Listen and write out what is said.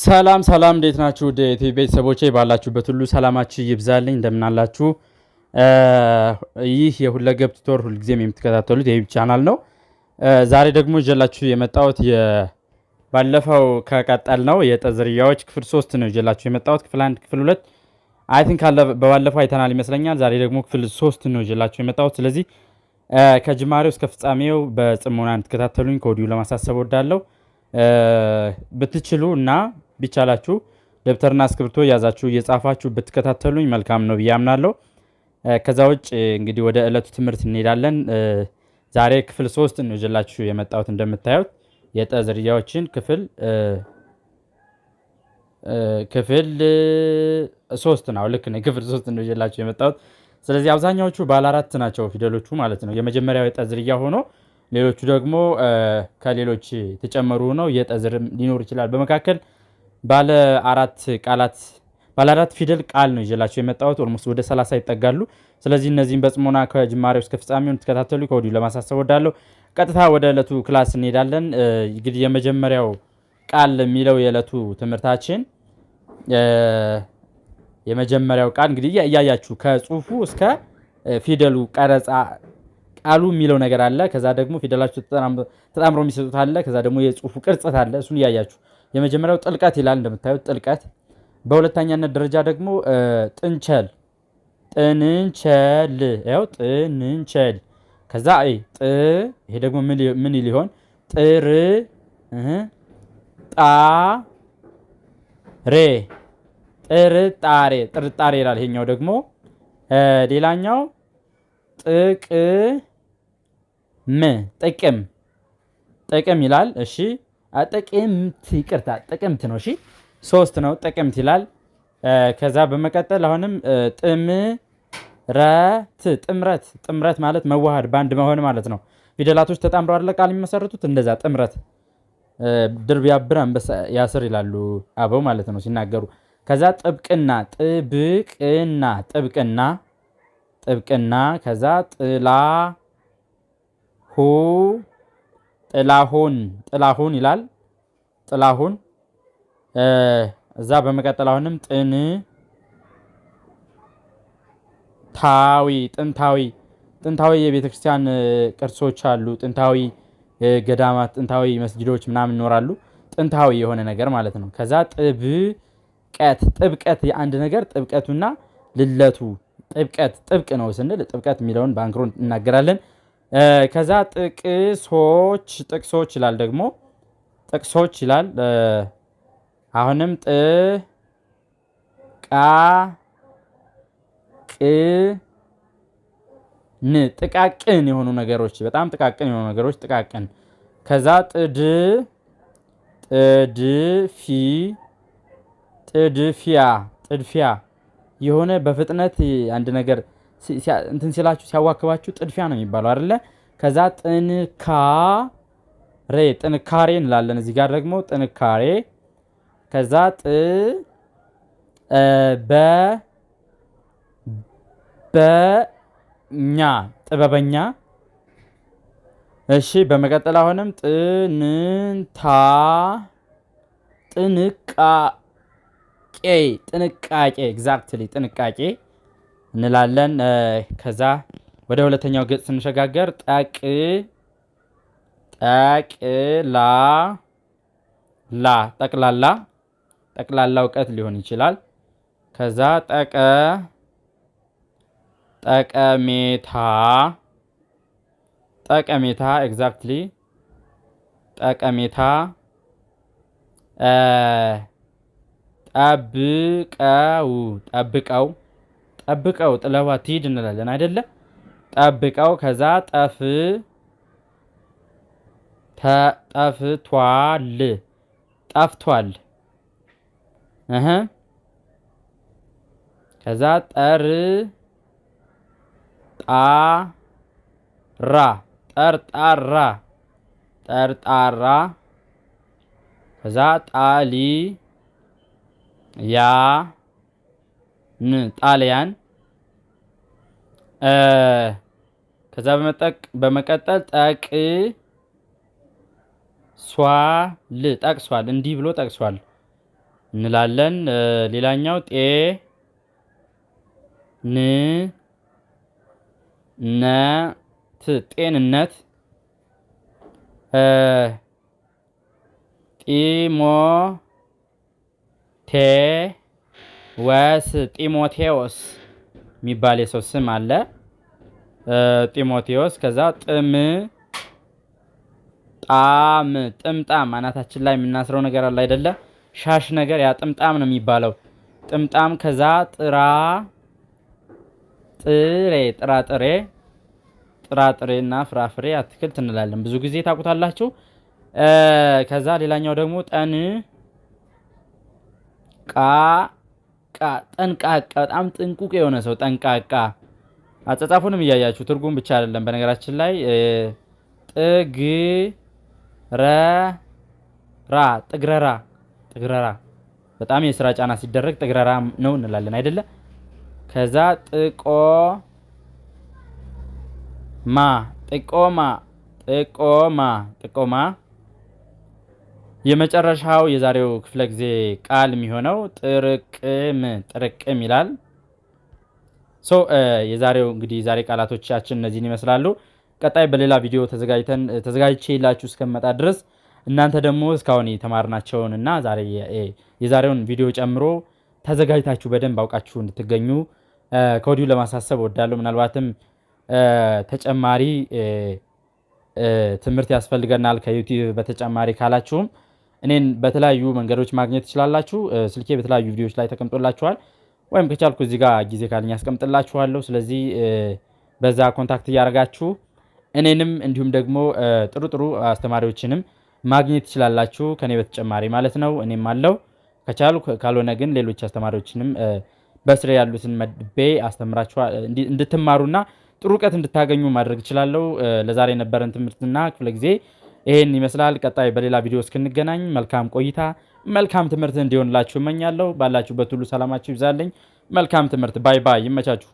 ሰላም ሰላም፣ እንዴት ናችሁ የቲቪ ቤተሰቦች ባላችሁበት ሁሉ ሰላማችሁ ይብዛልኝ። እንደምናላችሁ። ይህ የሁለገብ ቱቶር ሁልጊዜም የምትከታተሉት የዩቲዩብ ቻናል ነው። ዛሬ ደግሞ ይዤላችሁ የመጣሁት ባለፈው ከቀጠል ነው የጠዝርያዎች ክፍል ሶስት ነው ይዤላችሁ የመጣሁት ክፍል አንድ ክፍል ሁለት አይ ቲንክ በባለፈው አይተናል ይመስለኛል። ዛሬ ደግሞ ክፍል ሶስት ነው ይዤላችሁ የመጣሁት ስለዚህ ከጅማሬው እስከ ፍጻሜው በጽሞና እንድትከታተሉኝ ከወዲሁ ለማሳሰብ ወዳለው ብትችሉ እና ቢቻላችሁ ደብተርና እስክሪብቶ ያዛችሁ እየጻፋችሁ ብትከታተሉኝ መልካም ነው ብዬ አምናለሁ። ከዛ ውጭ እንግዲህ ወደ ዕለቱ ትምህርት እንሄዳለን። ዛሬ ክፍል ሶስት ነው ይዤላችሁ የመጣሁት። እንደምታዩት የጠ ዝርያዎችን ክፍል ክፍል ሶስት ነው። ልክ ነው፣ ክፍል ሶስት ነው ይዤላችሁ የመጣሁት። ስለዚህ አብዛኛዎቹ ባለ አራት ናቸው ፊደሎቹ ማለት ነው። የመጀመሪያው የጠ ዝርያ ሆኖ ሌሎቹ ደግሞ ከሌሎች የተጨመሩ ነው። የጠ ዝርም ሊኖር ይችላል በመካከል ባለ አራት ቃላት ባለ አራት ፊደል ቃል ነው ይዤላቸው የመጣሁት። ኦልሞስት ወደ 30 ይጠጋሉ። ስለዚህ እነዚህም በጽሞና ከጅማሬው እስከ ፍጻሜው እንድትከታተሉ ከወዲሁ ለማሳሰብ ወዳለሁ። ቀጥታ ወደ ዕለቱ ክላስ እንሄዳለን። እንግዲህ የመጀመሪያው ቃል የሚለው የዕለቱ ትምህርታችን የመጀመሪያው ቃል እንግዲህ እያያችሁ ከጽሁፉ እስከ ፊደሉ ቀረጻ ቃሉ የሚለው ነገር አለ። ከዛ ደግሞ ፊደላቸው ተጣምሮ የሚሰጡት አለ። ከዛ ደግሞ የጽሁፉ ቅርጸት አለ። እሱን እያያችሁ የመጀመሪያው ጥልቀት ይላል እንደምታዩት ጥልቀት። በሁለተኛነት ደረጃ ደግሞ ጥንቸል ጥንንቸል ያው ጥንንቸል። ከዛ ጥ ይሄ ደግሞ ምን ሊሆን ጥር ጣ ሬ ጥርጣሬ ጥርጣሬ ይላል። ይሄኛው ደግሞ ሌላኛው ጥቅ ም ጥቅም ጥቅም ይላል። እሺ ጥቅምት ይቅርታ ጥቅምት ነው። እሺ ሶስት ነው ጥቅምት ይላል። ከዛ በመቀጠል አሁንም ጥምረት ጥምረት ጥምረት ማለት መዋሃድ በአንድ መሆን ማለት ነው። ፊደላቶች ተጣምረው አይደለ ቃል የሚመሰርቱት እንደዛ ጥምረት። ድር ቢያብር አንበሳ ያስር ይላሉ አበው ማለት ነው ሲናገሩ። ከዛ ጥብቅና ጥብቅና ጥብቅና ጥብቅና ከዛ ጥላ ሁ ጥላሁን ጥላሁን ይላል። ጥላሁን እዛ በመቀጠል አሁንም ጥንታዊ ጥንታዊ ጥንታዊ የቤተ ክርስቲያን ቅርሶች አሉ። ጥንታዊ ገዳማት፣ ጥንታዊ መስጊዶች ምናምን ይኖራሉ። ጥንታዊ የሆነ ነገር ማለት ነው። ከዛ ጥብቀት ጥብቀት የአንድ ነገር ጥብቀቱና ልለቱ ጥብቀት ጥብቅ ነው ስንል ጥብቀት የሚለውን በአንክሮ እናገራለን። ከዛ ጥቅሶች ጥቅሶች ይላል ደግሞ ጥቅሶች ይላል። አሁንም ጥ ቃ ቅ ን ጥቃቅን የሆኑ ነገሮች በጣም ጥቃቅን የሆኑ ነገሮች ጥቃቅን። ከዛ ጥድ ጥድፊ ጥድፊያ ጥድፊያ የሆነ በፍጥነት አንድ ነገር እንትን ሲላችሁ ሲያዋክባችሁ ጥድፊያ ነው የሚባለው አይደለ? ከዛ ጥንካሬ ጥንካሬ እንላለን። እዚህ ጋር ደግሞ ጥንካሬ ከዛ ጥ በ በኛ ጥበበኛ። እሺ፣ በመቀጠል አሁንም ጥንታ ጥንቃቄ ጥንቃቄ ኤግዛክትሊ ጥንቃቄ እንላለን። ከዛ ወደ ሁለተኛው ገጽ ስንሸጋገር ጠቅ ጠቅላ ላ ጠቅላላ ጠቅላላ እውቀት ሊሆን ይችላል። ከዛ ጠቀ ጠቀሜታ ጠቀሜታ ኤግዛክትሊ ጠቀሜታ ጠብቀው ጠብቀው ጠብቀው ጥለዋ ትሂድ እንላለን አይደለ? ጠብቀው ከዛ ጠፍ ጠፍቷል ጠፍቷል እ ከዛ ጠር ጣራ ጠርጣራ ጠርጣራ ከዛ ጣሊ ያ ን ጣሊያን ከዛ በመቀጠል ጠቅሷል ጠቅሷል እንዲህ ብሎ ጠቅሷል እንላለን። ሌላኛው ጤ ን ነት ጤንነት ጢሞ ቴ ወስ ጢሞቴዎስ የሚባል የሰው ስም አለ። ጢሞቴዎስ ከዛ ጥም ጣም ጥምጣም አናታችን ላይ የምናስረው ነገር አለ አይደለ? ሻሽ ነገር ያ ጥምጣም ነው የሚባለው። ጥምጣም ከዛ ጥራ ጥሬ ጥራጥሬ ጥራጥሬ እና ፍራፍሬ አትክልት እንላለን። ብዙ ጊዜ ታውቁታላችሁ። ከዛ ሌላኛው ደግሞ ጠን ቃ ጠንቃቃ በጣም ጥንቁቅ የሆነ ሰው ጠንቃቃ። አጻጻፉንም እያያችሁ ትርጉም ብቻ አይደለም። በነገራችን ላይ ጥግረራ ጥግረራ ጥግረራ በጣም የስራ ጫና ሲደረግ ጥግረራ ነው እንላለን አይደለ? ከዛ ጥቆማ ጥቆማ ጥቆማ ጥቆማ የመጨረሻው የዛሬው ክፍለ ጊዜ ቃል የሚሆነው ጥርቅም ጥርቅም ይላል። ሶ የዛሬው እንግዲህ ዛሬ ቃላቶቻችን እነዚህን ይመስላሉ። ቀጣይ በሌላ ቪዲዮ ተዘጋጅተን ተዘጋጅቼ ላችሁ እስከመጣ ድረስ እናንተ ደግሞ እስካሁን የተማርናቸውን እና የዛሬውን ቪዲዮ ጨምሮ ተዘጋጅታችሁ በደንብ አውቃችሁ እንድትገኙ ከወዲሁ ለማሳሰብ እወዳለሁ። ምናልባትም ተጨማሪ ትምህርት ያስፈልገናል ከዩቲዩብ በተጨማሪ ካላችሁም እኔን በተለያዩ መንገዶች ማግኘት ትችላላችሁ። ስልኬ በተለያዩ ቪዲዮዎች ላይ ተቀምጦላችኋል። ወይም ከቻልኩ እዚህ ጋር ጊዜ ካለኝ ያስቀምጥላችኋለሁ። ስለዚህ በዛ ኮንታክት እያደረጋችሁ እኔንም እንዲሁም ደግሞ ጥሩ ጥሩ አስተማሪዎችንም ማግኘት ትችላላችሁ ከኔ በተጨማሪ ማለት ነው። እኔም አለው ከቻሉ ካልሆነ ግን ሌሎች አስተማሪዎችንም በስሬ ያሉትን መድቤ አስተምራችኋል እንድትማሩና ጥሩ እውቀት እንድታገኙ ማድረግ እችላለሁ። ለዛሬ የነበረን ትምህርትና ክፍለ ጊዜ ይሄን ይመስላል። ቀጣይ በሌላ ቪዲዮ እስክንገናኝ መልካም ቆይታ፣ መልካም ትምህርት እንዲሆንላችሁ እመኛለሁ። ባላችሁበት ሁሉ ሰላማችሁ ይብዛልኝ። መልካም ትምህርት። ባይ ባይ። ይመቻችሁ።